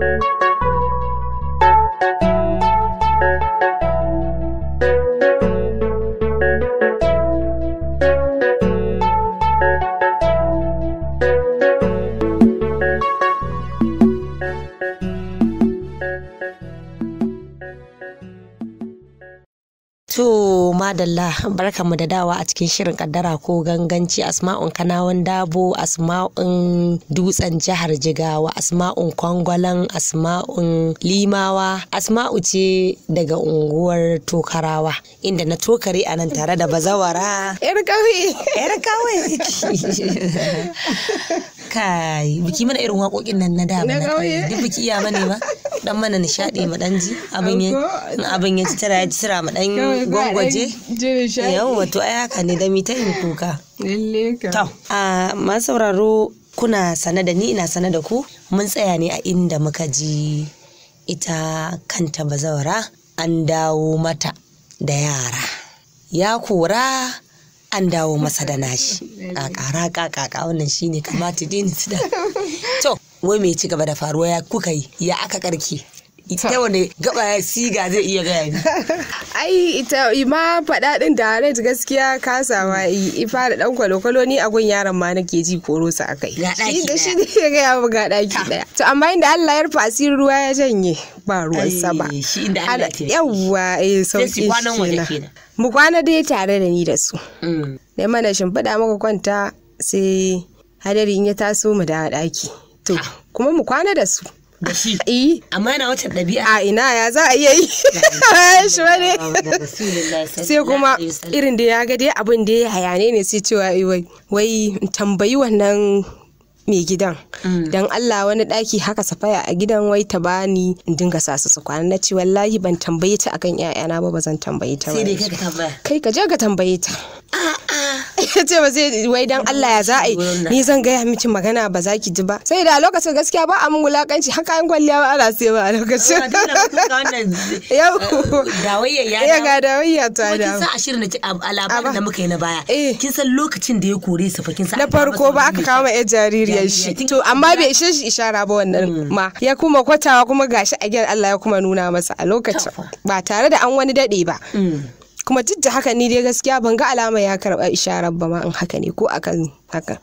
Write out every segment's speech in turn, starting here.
Música Adalla madalla mu da dawa a cikin shirin kaddara ko ganganci asma'un kanawan dabo asma'un dutsen jihar jigawa asma'un kwangwalan asma'un limawa asma'u ce daga unguwar tokarawa inda na tokare a nan tare da bazawara yar kawai yar kawai kai biki mana irin waƙoƙin nan na da na kai duk biki iya mane ba dan mana nishadi mu dan ji abin ya abin ya tira ya tira mu dan gwangwaje yawa to ai haka ne da mi ta yi kuka lalle ka to a masu sauraro kuna sana da ni ina sane da ku mun tsaya ne a inda muka ji ita kanta bazawara an dawo mata da yara ya kora an dawo masa da nashi kakara ƙaƙa wannan shine kamata dini da to wai mai ci gaba da faruwa ya kuka yi ya aka karki ita wani gaba siga zai iya gaya ni ai ita ma faɗa ɗin da red gaskiya kasawa i fara ɗan kwalokwalo ni a gun yaron ma nake ji korosa a kai shi da shi ne ya gaya mu ga ɗaki ɗaya to amma inda Allah ya rufa asirin ruwa ya janye ba ruwan sama shi inda Allah ke yawwa eh sauki kenan mu kwana dai tare da ni da su mm. ne mana shimfiɗa muka kwanta sai hadari in ya taso mu da ɗaki to ah. kuma mu kwana da su shi eh. amma yana wacce ɗabi'a a ina ya za a iya yi shi ne? sai kuma irin da ya ga dai abin da ya hayane ne sai cewa wai wai tambayi wannan mai gidan mm. Don Allah wani daki haka safaya a gidan wai ta bani in dinga sa su kwana na ce wallahi ban tambaye ta akan ƴaƴana ba ba zan tambaye ta ba kai ka je ka tambaye ta a ce ba zai wai dan Allah ya za a yi ni zan gaya miki magana ba za ki ji ba sai da a lokacin gaskiya ba a mun wulakanci haka an kwalliya ba ana sai ba a lokacin yau dawayya ya ga dawayya ta da sa a shirin a labarin da muka yi na baya eh. kin san lokacin da ya kore su fa kin san na farko ba aka kawo ma ƴar jariri biyar shi to amma bai ishe shi ishara ba wannan mm. ma ya kuma kwatawa kuma gashi a gyan Allah ya kuma nuna masa a lokacin ba tare da an wani dade ba mm. kuma duk da haka ni dai gaskiya ban ga alama ya karba isharar ba ma in haka ne ko akan haka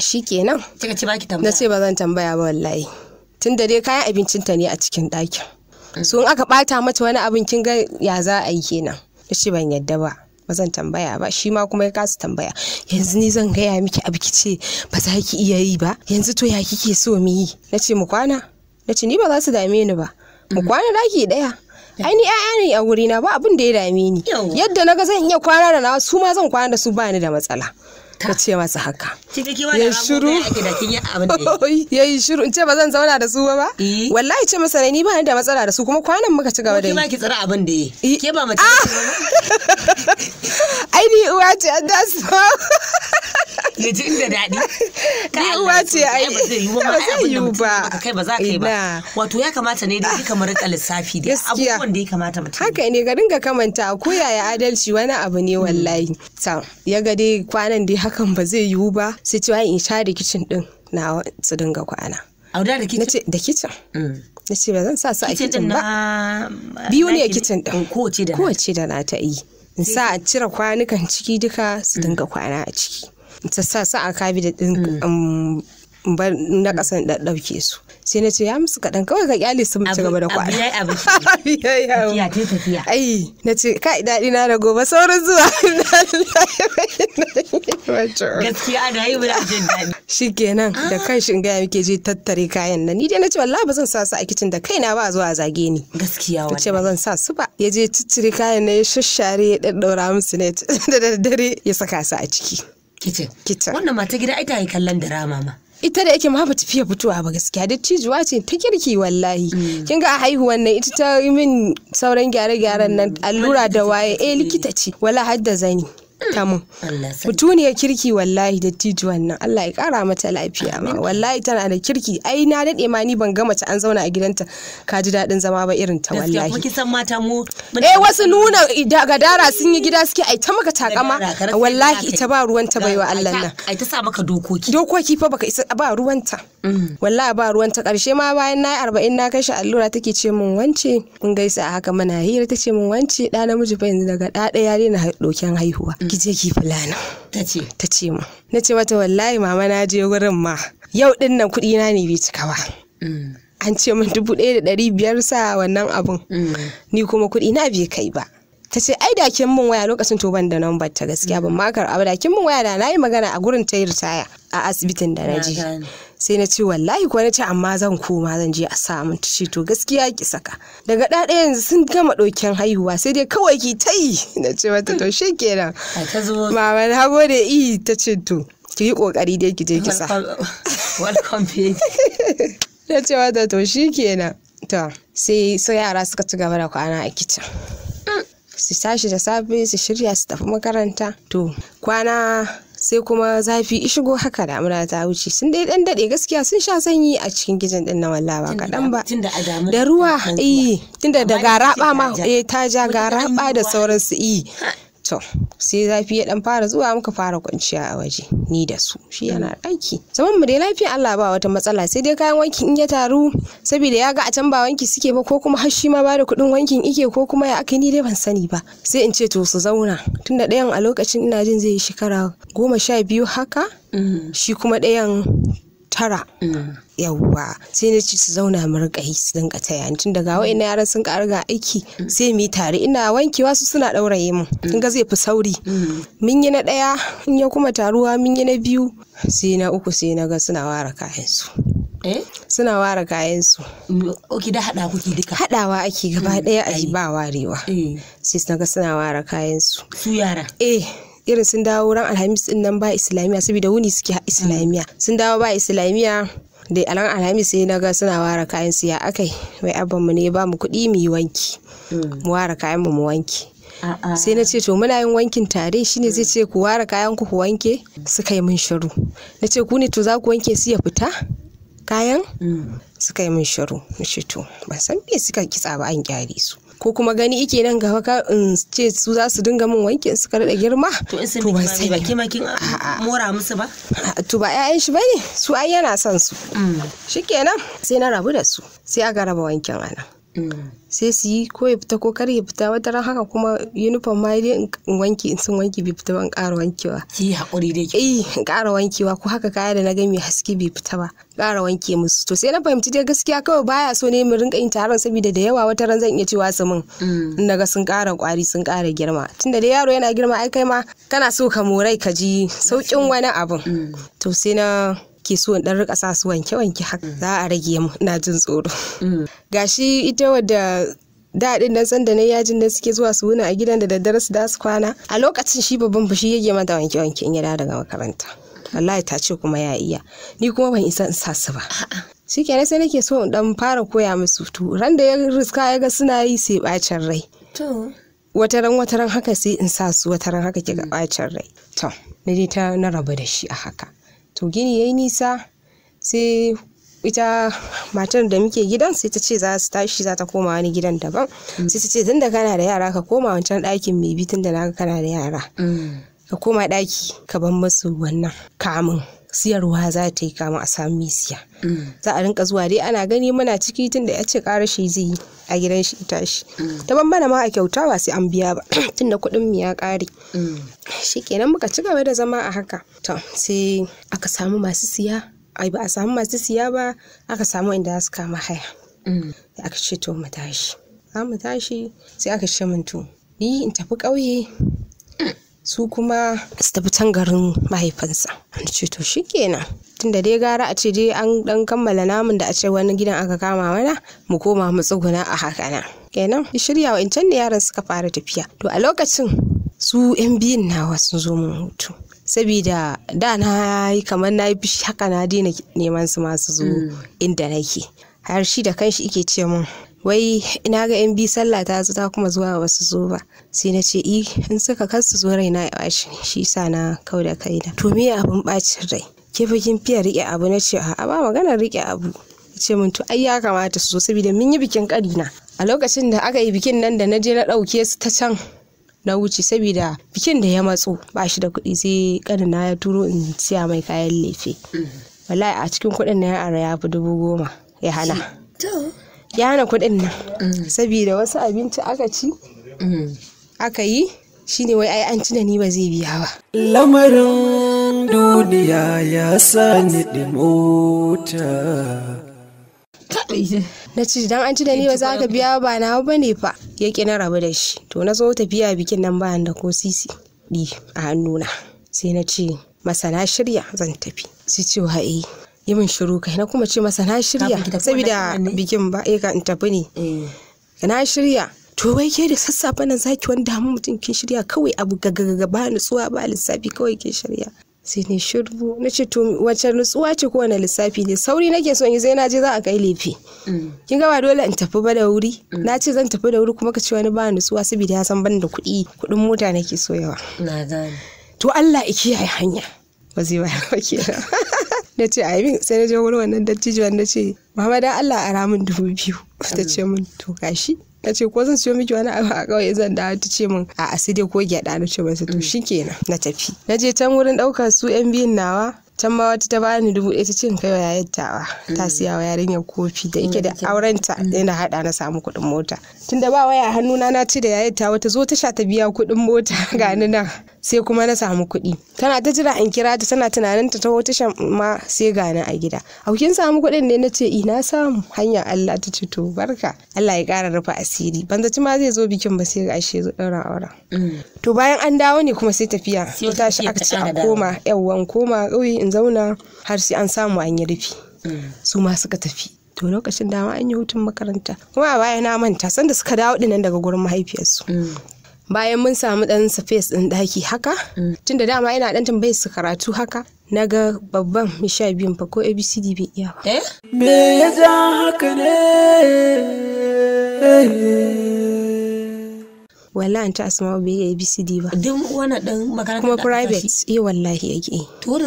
shikenan kika ce baki tambaya na ce ba zan tambaya ba wallahi tun da dai kayan abincin ta ne a cikin ɗakin mm. so in aka bata mata wani abin kin ga ya za a yi kenan shi ban yadda ba ba zan tambaya ba shi ma kuma ya kasa tambaya yanzu ni zan gaya miki abu ce ba za ki iya yi ba yanzu to ya kike so mu yi na ce mu kwana na ce ni ba za su dame ni ba mu mm-hmm. kwana daki daya ai ni ƴaƴa ne a wurina ba abin da ya dame ni yadda na ga zan iya kwana da nawa su ma zan kwana da su ba ni da matsala ta ce masa haka ya shiru ya yi shiru in ce ba zan zauna da su ba ba eh. wallahi ce masa ni ba ni da matsala da su kuma kwanan muka ci gaba da yi ki tsira abin da yi eh. ke ba mace ah! ai ni uwa ce an da su ya ji inda daɗi ni uwa ce ai ba zai yiwu ba zai yiwu ba kai ba za ka yi ba wato ya kamata ne dai kamar rika lissafi da abubuwan da ya kamata mutum haka ne ga dinga kamanta ko yaya adalci wani abu ne hmm. wallahi ta ya ga dai kwanan dai hakan ba zai yiwu ba sai ce in sha rikicin din na su dinga kwana auda da kicin da kicin hmm. na ce ba zan sa su a kicin ba biyu ne a kicin din kowace da na ta yi in sa a cire kwanukan ciki duka su hmm. dinga kwana a ciki ta sa sa a kabi da ɗin na ƙasan da ɗauke su sai na ce ya musu kaɗan kawai ka kyale sun ci gaba da kwana abu ya yi abu ya ta tafiya ai na ce kai daɗi na da gobe saurin zuwa gaskiya ana yi muna jin daɗi shi kenan da ah. kan shi gaya muke je tattare kayan nan ni dai na ce wallahi ba zan sa su a kicin da kaina ba zuwa a zage ni gaskiya wani ce ba zan sa su ba ya je ciccire kayan na ya shashare ya ɗaɗɗaura musu ne da daddare ya saka su a ciki kicin kicin wannan mata gida ai yi kallon drama ma ita da yake ma ba tafiya fitowa ba gaskiya da cijuwa ce ta kirki wallahi mm. kin ga a haihuwan nan ita ta min sauran gyare-gyaren nan mm. allura da waye eh likita ce wala hadda zani ta mun mutuniyar kirki wallahi titi wannan Allah ya kara mata lafiya ma wallahi tana da kirki ai na dade ma ni ban ga mace an zauna a gidanta ka ji dadin zama ba irin ta wallahi gaskiya mata mu eh wasu nuna gadara sun yi gida suke ai ta maka takama wallahi ita ba ruwanta wa Allah nan ai ta sa maka dokoki dokoki fa baka isa ba ruwanta wallahi ba ruwan ta karshe ma bayan na yi arba'in na kashe allura take ce min wance in gaisa a haka mana hira ta ce min wance da namiji fa yanzu daga da ya daina doken haihuwa mm. ki je ki fulana ta ce ta ce mu na ce mata wallahi mama na je wurin ma yau ɗin nan kuɗi na ne bai cika ba mm. an ce min dubu ɗaya da ɗari biyar sa wannan abun mm. ni kuma kuɗi na bai kai ba ta ce ai da kin mun waya lokacin to ban da number ta gaskiya ban makar abu da kin mun waya da nayi magana a gurin ta yi ritaya a asibitin da na je sai na ce wallahi ko na ce amma zan koma zan je a samu ta ce to gaskiya ki saka daga da ɗaya yanzu sun gama ɗauken haihuwa sai dai kawai ki ta yi na ce mata to shi kenan mama na da i ta ce to ki yi kokari dai ki je ki sa na ce mata to kenan to sai sai yara suka ci gaba da kwana a kicin mm. su tashi da safe su shirya su tafi makaranta to kwana sai kuma zafi shigo haka damuna ta wuce sun dai dan dade gaskiya sun sha sanyi a cikin gidan din na wallawa kadan ba da ruwa eh tunda da garaba ma eh ta ja garaba da sauransu eh to sai zafi ya dan fara zuwa muka fara kwanciya a waje ni da su shi yana mm. aiki. zaman mu dai lafiya Allah ba wata matsala sai dai kayan wanki in ya taru saboda ya ga a can ba wanki suke ba ko kuma har shi ma ba da kuɗin wankin ike ko kuma ya aka ni dai ban sani ba sai in ce to su zauna tunda ɗayan a lokacin ina jin zai yi shekara goma sha biyu haka mm. shi kuma ɗayan tara mm. yawwa sai na ci su zauna mu yi su dinga taya tun daga wa'in yaran sun ƙarga aiki mm. sai mu yi tare ina wankewa su suna ɗauraye mu mm. kin ga zai fi sauri mun yi na ɗaya in ya kuma taruwa mun yi na biyu sai na uku sai na ga suna ware kayan su eh? suna ware kayan su oki da hada kuke duka hadawa ake gaba ɗaya a ba warewa eh. sai na ga suna ware kayan su su yara eh irin sun dawo ran alhamis din nan ba islamiya saboda wuni suke islamiya sun dawo ba islamiyya da alan alhamis sai na ga suna ware kayan siya akai wai abban mu ne ba mu kuɗi mu yi wanki hmm. mu ware kayan mu mu wanki sai na ce to muna yin wankin tare shine zai ce ku ware kayan ku ku wanke suka yi min shiru na ce ku ne to za ku wanke su ya fita kayan hmm. suka yi min shiru na ce to ban san me suka kitsa ba an kyare su ko kuma gani ike nan gaba ka in ce su za su dinga min wanke su da girma to in sun ba baki makin mora musu ba to ba ƴaƴan shi bane su ai yana son su mm. shikenan sai na rabu da su sai aka raba wankin anan sai su yi ko ya fita ko kar ya fita wata ran haka kuma uniform ma dai in wanki in sun wanki bai fita ba in ƙara wankewa ki haƙuri dai ki eh in ƙara wankewa ko haka kaya da na gami haske bai fita ba ƙara wanke musu to sai na fahimci dai gaskiya kawai baya so ne mu rinka yin taron saboda da yawa wata ran zan iya cewa su min mm. in naga sun ƙara ƙwari sun ƙara girma tunda dai yaro yana girma ai kai ma kana so ka morai ka ji sauƙin wani abin mm. to sai na ke so in dan rika sa su wanke wanke haka mm. za a rage mu na jin tsoro mm. gashi ita wadda daɗin san da na yajin da suke zuwa su wuna a gidan da daddare su da su kwana a lokacin shi babban fushi yake mata wanke wanke in ya dawo daga makaranta wallahi ta ce kuma ya iya ni kuma ban isa in sa su ba shikenan sai nake so in dan fara koya musu to ran da ya riska ya ga suna yi sai bacin rai to wata ran haka sai in sa su ran haka kiga bacin mm. rai to ni dai ta na rabu da shi a haka to gini yi nisa sai ita matar da muke gidan sai ta ce za su tashi za ta koma wani gidan daban mm. sai ta ce tunda kana da yara ka koma wancan ɗakin mai bi tunda naga kana da yara mm. ka koma ɗaki ka bar masu wannan kamun siyarwa za ta yi kama a samu misiya. Mm. za a rinka zuwa dai ana gani muna ciki tun da ya ce ƙara shi zai yi a gidan shi tashi mm. ta bambana ma a kyauta ba sai an biya ba tun da kuɗin mu ya ƙare mm. shi kenan muka ci gaba da zama a haka to sai aka samu masu siya ai ba a samu masu siya ba aka samu inda za su kama haya da aka ce to mu tashi za mu tashi sai aka ce mun to ni in tafi ƙauye su kuma su tafi can garin mahaifinsa an ce to shi kenan. tunda dai gara a ce dai an dan kammala namun da a ce wani gidan aka kama mana mu koma mu tsuguna a haka na. kenan shirya wa incan da yaran suka fara tafiya to a lokacin su yan biyun nawa sun zo mun hutu sabida da na yi kamar na yi haka na daina neman su masu zo mm. inda nake har shi da kanshi ike ce mun wai ina ga yan bi sallah ta zo ta kuma zuwa ba su zo ba sai na ce i eh, in suka kar su zo raina ya bashi shi sa na kau da na to me abin bacin rai ke kin fiya rike abu na ce a ba maganar rike abu ce min to ai ya kamata su zo saboda mun yi bikin karina a lokacin da aka yi bikin nan da na je na ɗauke su ta can na wuce saboda bikin da ya matso ba shi da kuɗi sai ƙanina ya turo in siya mai kayan lefe mm. wallahi a cikin kuɗin na ya ara ya fi dubu goma ya hana ya hana kuɗin nan mm. saboda wasu abinci aka ci mm. aka yi shine wai ai an ci da ni ba zai biya ba lamarin duniya ya sa ni dimota na ci dan an ci da ni ba za ka biya ba na ba ne fa ya ki na rabu da shi to na zo tafiya bikin nan ba da ko sisi di a hannuna sai na ce masana shirya zan tafi su ce wa eh? yi min shiru kai na kuma ce masa na shirya saboda bikin ba eh, ka in tafi ne eh. na shirya to wai ke da sassafe nan zaki wani damu mutum kin shirya kawai abu gagagaga ba nutsuwa ba lissafi kawai ke shirya sai ne shirbu na ce to wacce nutsuwa ce ko wani lissafi ne sauri nake son yi sai na je za a kai lefe kin ga ba dole in tafi ba da wuri na ce zan tafi da wuri kuma ka ce wani ba nutsuwa saboda ya san ban da kuɗi kuɗin mota nake so yawa to Allah ya kiyaye hanya ba zai bayar ba Nace ce a min sai na je wurin wannan dattijo na ce mama da Allah a ramin dubu biyu ta ce min to gashi na ce ko zan siyo miki wani abu a kawai zan dawo ta ce min a asidi ko gyada na ce masa to mm. shikenan na tafi na je can wurin daukar su yan biyun nawa can ma wata ta bani dubu ɗaya ta ce in kai wa yayar ta mm. siya wa yarinyar kofi da ike mm, da aurenta yana haɗa na samu kuɗin mota tunda ba waya hannuna na ce da yayar tawa ta zo ta sha ta biya kuɗin mota ga ni nan sai kuma na samu kuɗi tana ta jira in kira ta tana tunanin ta taho tashan ma sai gani a gida aukin samu kuɗin ne na ce, ina eh, samu hanya Allah ta ce to barka Allah ya ƙara rufa asiri ban zaci ma zai zo bikin ba sai ga ashe zo auren mm. to bayan an dawo ne kuma sai tafiya ta tashi aka ce a koma yawwan koma ƙauye in zauna har sai an samu an yi rufi mm. su ma suka tafi to lokacin dama an yi hutun makaranta kuma a baya na manta sanda suka dawo dinan daga gurin mahaifiyarsu mm. bayan mun samu dan space din daki haka mm. Tun da dama ina dan tambayar su karatu haka na ga babban sha biyun fa ko abcd bai iya ba eh? me ya za haka ne an ta asma bai yi abcd ba duk wani dan makaranta kuma private eh wallahi yake to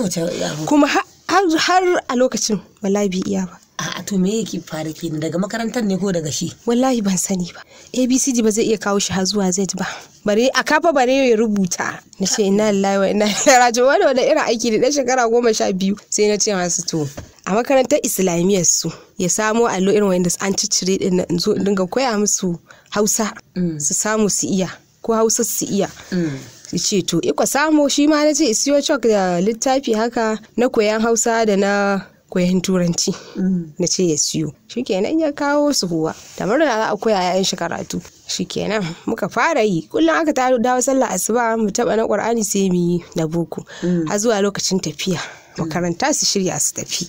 kuma har a lokacin wallahi bai iya ba A'a to me yake fara kenan daga makarantar ne ko daga shi? Wallahi ban sani ba. ABCD ba zai iya kawo shi har zuwa Z ba. Bare a kafa bare ya rubuta. Na ce ina lallai wa ina ilaihi wani wani irin aiki da ɗan shekara goma sha biyu sai na ce masu to. a makarantar islamiyya su ya samo allo irin wanda an ciccire din in zo dinga koya musu hausa mm. su samu su iya ko hausa su iya mm. ya ce to iko samo shi ma na ce isiyo chok da littafi haka na koyan hausa da na koyan turanci mm. na ce ya siyo shikenan ya kawo su huwa da murna za a koya yayan shi karatu shikenan muka fara yi kullum aka taru dawo sallah asuba mu taba na qur'ani sai mu yi na boko mm. har zuwa lokacin tafiya mm. makaranta su shirya su tafi.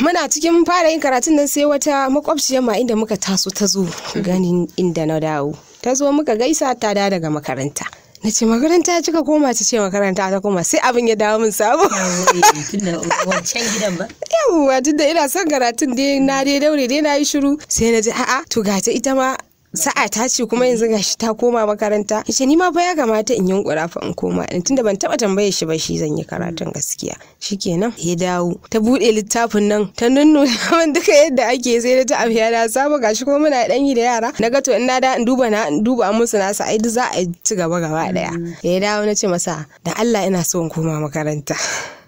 Muna cikin fara yin karatun nan sai wata makwabciya ma inda muka taso ta zo ganin inda na dawo. Ta zo muka gaisa ta da daga makaranta. na ce makaranta cika koma ta ce makaranta ta koma sai abin ya dawo min sabo eh, wancan gidan ba ina son karatun dai na dai daure dai na yi shiru sai na ji a'a to ga ita ma sa'a ta ce kuma yanzu gashi ta koma makaranta ce ni ma fa ya kamata in yunkura fa in koma in tunda ban taba tambaye shi ba shi zan yi karatun gaskiya shikenan ya dawo ta buɗe littafin nan ta nunnu man duka yadda ake sai da ta abiya da saba shi kuma muna ɗan yi da yara na ga to in na da in duba na in duba musu nasa sa ai za a ci gaba gaba daya ya dawo na ce masa da Allah ina so in koma makaranta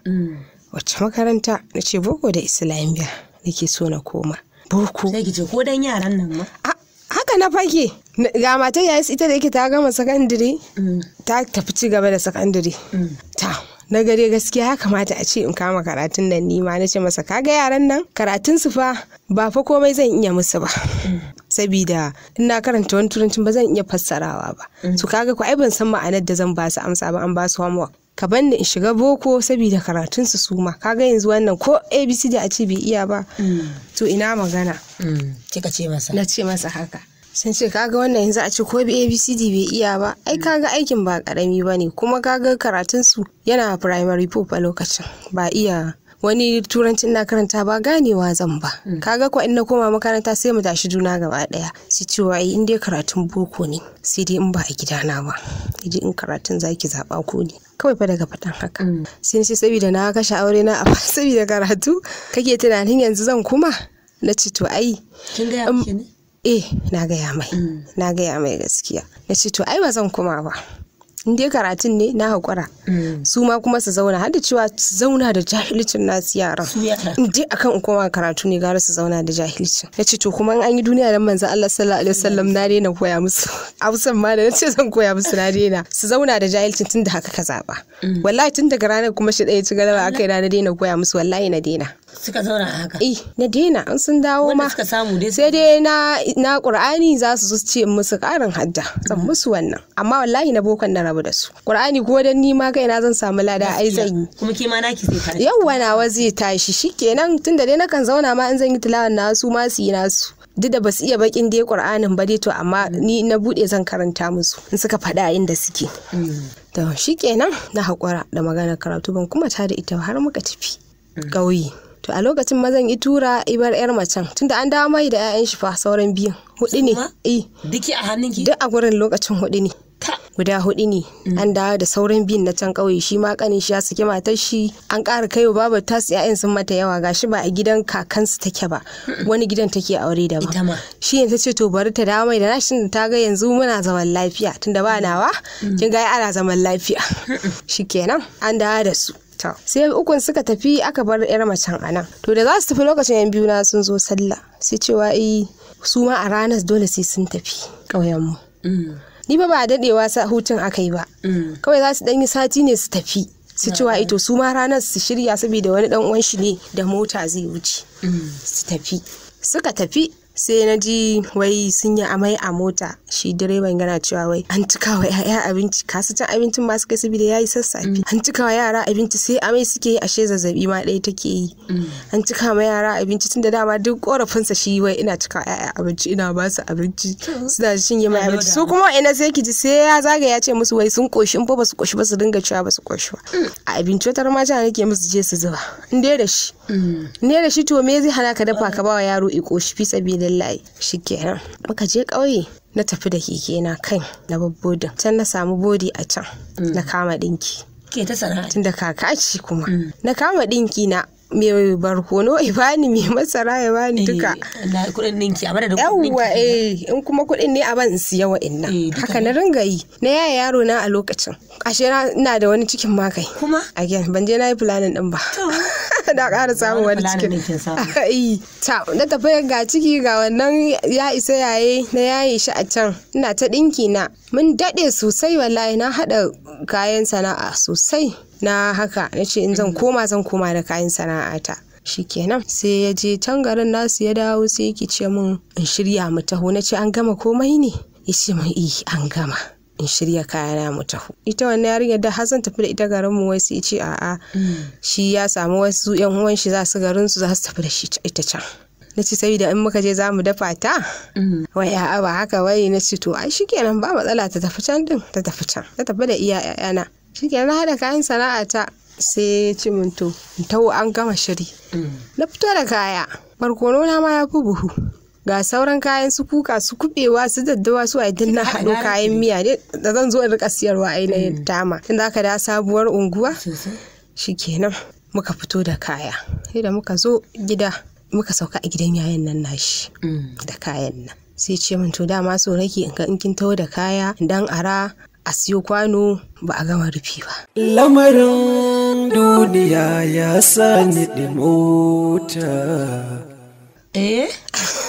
mm. wacce makaranta na ce boko da islamiyya nake so na koma boko sai ki ko dan yaran nan ma na fake ga matar yayis ita da yake ta gama sakandare mm. ta tafi ci gaba da sakandare mm. ta na gare gaskiya ya kamata a ce in kama karatun nan nima na ce masa kaga yaran nan karatun su fa ba fa komai zan iya musu ba mm. sabida ina karanta wani turancin ba zan iya fassarawa ba su kaga ko ai ban san ma'anar da zan ba su amsa ba an ba su homework ka ban da in shiga boko sabida karatun su suma kaga yanzu wannan ko abcd a ce bai iya ba to ina magana kika ce masa na ce masa haka sun ce kaga wannan yanzu a ce ko abcd bai iya ba ai kaga aikin ba karami ba ne kuma kaga karatun su yana primary pop a lokacin ba iya wani turancin na karanta ba ganewa zan ba mm. kaga ko na koma makaranta sai mu tashi juna gaba daya su ce ai in dai karatun boko ne sai dai in ba a gida na ba idan in karatun zaki zaba ko ne kawai fa daga fatan haka mm. sai sai saboda na kashe aure na a saboda karatu kake tunanin yanzu zan kuma na ce to ai eh na gaya mai mm. na gaya mai gaskiya ya ce to ai ba zan kuma ba in dai karatun ne na haƙura mm. su ma kuma su zauna har da cewa su zauna da jahilcin nasu yaran in dai akan in koma karatu ne gara su zauna da jahilcin ya ce to kuma an yi duniya dan manzan Allah sallallahu alaihi wasallam na daina koya musu hausan ma da na ce zan koya musu na daina su zauna da jahilcin tun da haka ka zaba mm. wallahi tun daga ranar kuma shi ɗaya ci galaba akai na daina koya musu wallahi na daina suka zauna haka eh na daina an sun dawo ma suka samu dai sai dai na na qur'ani za su ce musu karin hadda zan mm-hmm. musu wannan amma wallahi na bokan na rabu da su qur'ani ko dan ni ma kaina zan samu lada ai zan yi kuma ke ma naki sai tashi yawa nawa zai tashi shikenan tunda dai nakan zauna ma in zan yi tilawan na su ma su yi nasu duk da basu iya bakin dai qur'anin ba dai to amma mm-hmm. ni na bude zan karanta musu in suka faɗa inda suke mm-hmm. to shikenan na haƙura da maganar karatu ban kuma ta da ita har muka tafi ƙauye to a lokacin mazan yi tura ibar yar macen tunda an dawo mai da 'ya'yan shi fa sauran biyun hudu ne eh. duki a hannun ki duk a gurin lokacin hudu ne guda hudu ne mm. an dawo da sauran biyun na can kauye shi ma kanin shi ya saki matar shi an ƙara kaiwa wa tasu 'ya'yan sun mata yawa gashi ba a gidan kakansu take ba wani gidan take aure da ba shi yanzu ce to bari ta dawo mai da nashin ta ga yanzu muna zaman lafiya tunda ba nawa mm. kin ga ana zaman lafiya shikenan an dawo da su sai ukun suka tafi aka bar yar macen a nan to da za su tafi lokacin yan biyu na sun zo sallah sai cewa eh su ma a ranar dole sai sun tafi mu mm. ni ba ba dadewa sa hutun aka yi ba mm. kawai za su dan yi sati ne su tafi su cewa ito su ma ranar su shirya saboda wani dan uwan shi ne da mota zai wuce mm. su tafi suka tafi sai na ji wai sun yi amai a mota shi direban yana cewa wai an cika wa 'ya'ya abinci kasu can abincin masu kai saboda ya yi sassafe mm. an cika wa yara abinci sai amai suke yi ashe zazzabi ma ɗaya take yi mm. an cika ma yara abinci tunda dama duk korafinsa shi wai ina cika wa 'ya'ya abinci ina ba su abinci suna shin yi mai abinci su kuma ina sai ki ji sai ya zaga ya ce musu wai sun koshi in ba su koshi ba su dinga cewa ba su koshi ba mm. a abinci wata ma nake musu je su zuba in dai da shi ne da shi to me zai hana ka dafa ka bawa yaro iko shi fi sabilillahi shikenan muka je ƙauye na tafi da keke na kai na babbodin can na samu bodi a can na kama dinki ke ta sana'a tunda kaka ce kuma mm. na kama dinki na Me barkono ya bani me masara ya bani eh, duka kudin ninki a madadin kudin yawa eh in kuma kudin ne a ban in siya wa'annan eh, haka na ringa yi na yaya yaro na a lokacin ashe na da wani cikin kai kuma again ban je na yi planning din ba na ƙara samun wani cikin ta na tafi ga ciki ga wannan ya isa yaye na yaye shi a can ina ta ɗinki na mun daɗe sosai wallahi na haɗa kayan sana'a sosai na haka na ce in zan mm-hmm. koma zan koma da kayan sana'ata shikenan sai ya je can garin nasu ya dawo sai yake ce min in shirya mu taho na ce an gama komai ne ya ce min eh an gama in shirya kayana mu taho ita wannan yarinyar da har zan tafi da ita garin mu wai sai ce a'a mm. shi ya samu wasu yan uwan shi za su garin su za su tafi da shi ita can na ce saboda in muka je za mu dafa ta mm-hmm. wai a'a ba haka wai na ce to ai shikenan ba matsala ta tafi can din ta tafi can ta tafi da iya yana shike na haɗa kayan sana'a ta sai ya ci minto tau an gama shiri na fito da kaya barkono na ma ya fi buhu ga sauran kayan su kuka su kuɓewa, su daddawa su a na haɗo kayan miya da zan zo in rika siyarwa ainihin mm. tama tun aka da sabuwar unguwa shikenan muka fito da kaya sai da muka zo gida muka sauka a gidan yayan nan nashi mm. da kayan nan sai ce min to dama so nake in kin taho da kaya dan ara a siyo kwano ba a gama rufi ba. Lamarin duniya ya sa ni mota. Eh?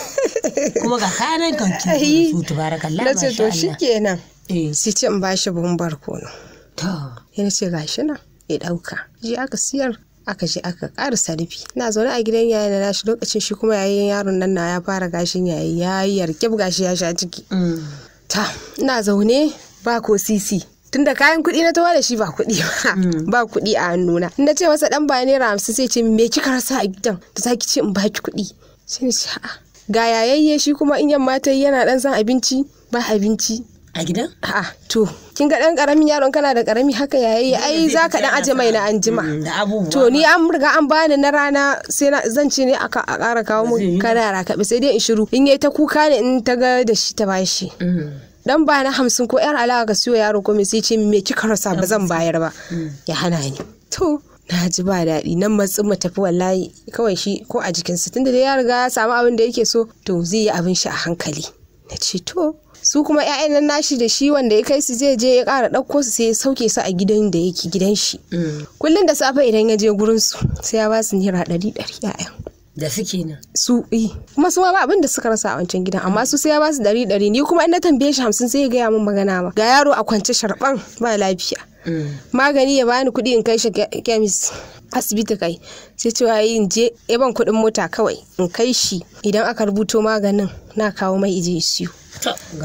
Kuma ga kanan kanki su tubarakallah masha Allah. Nace to shikenan. Eh. Sai ce in bashi buhun barkono. To. Yana ce gashi nan ya dauka. Je aka siyar aka je aka ƙara sarifi na zaune a gidan yayin na nashi lokacin shi kuma yayin yaron nan na ya fara gashin yayi ya yi yarkib gashi ya sha ciki mm. ta ina zaune ba ko sisi tunda kayan kuɗi na tawa da shi ba kuɗi ba hmm. ba kuɗi a hannuna na ce masa dan ba naira hamsin sai ce me kika rasa a gidan da zaki ce in baki kuɗi shi ne ce a'a ga yayayye shi kuma in yamma ta yana dan san abinci ba abinci a gidan a to kin ga dan karamin yaron kana da karami haka yayayye. ai zaka dan aje mai na anjima hmm, to ni an riga an bani na rana sai na zan ce ne aka a ƙara kawo mu kana raka sai dai in shiru in yayi ta kuka ne in ta ga da shi ta bashi hmm. dan ba na hamsin ko yar alaka ka siyo yaro ko sai ce me kika rasa ba zan bayar ba mm. ya hana ni to na ji ba daɗi nan matsin mu tafi wallahi kawai shi ko a jikinsa tunda da ya riga ya samu abin da yake so to zai yi abin shi a hankali na ce to su kuma 'ya'yan nan nashi da shi wanda ya kai su zai je ya ƙara ɗauko su sai ya sauke su a gidan da yake gidan shi mm. kullum da safe idan ya je gurin su sai ya ba su naira ɗari ɗari ƴaƴan da suke nan su yi eh, kuma su ma ba abin suka rasa a wancan gidan amma su sai ya basu su dari dari ni kuma in na tambaye shi hamsin sai ya gaya min magana ma ga yaro a kwance sharban ba lafiya mm. magani ya bani kuɗi in kai shi kemis asibiti kai sai cewa in je yaban eh, ban kuɗin mota kawai in kai shi idan aka rubuto maganin na kawo mai ije siyo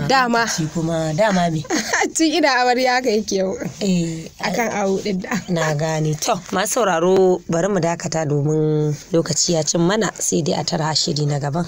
dama shi kuma dama me tun ina amarya yake yau eh, akan awo din da na gane to masu sauraro bari mu dakata domin lokaci ya cin mana sai dai a tara shiri na gaban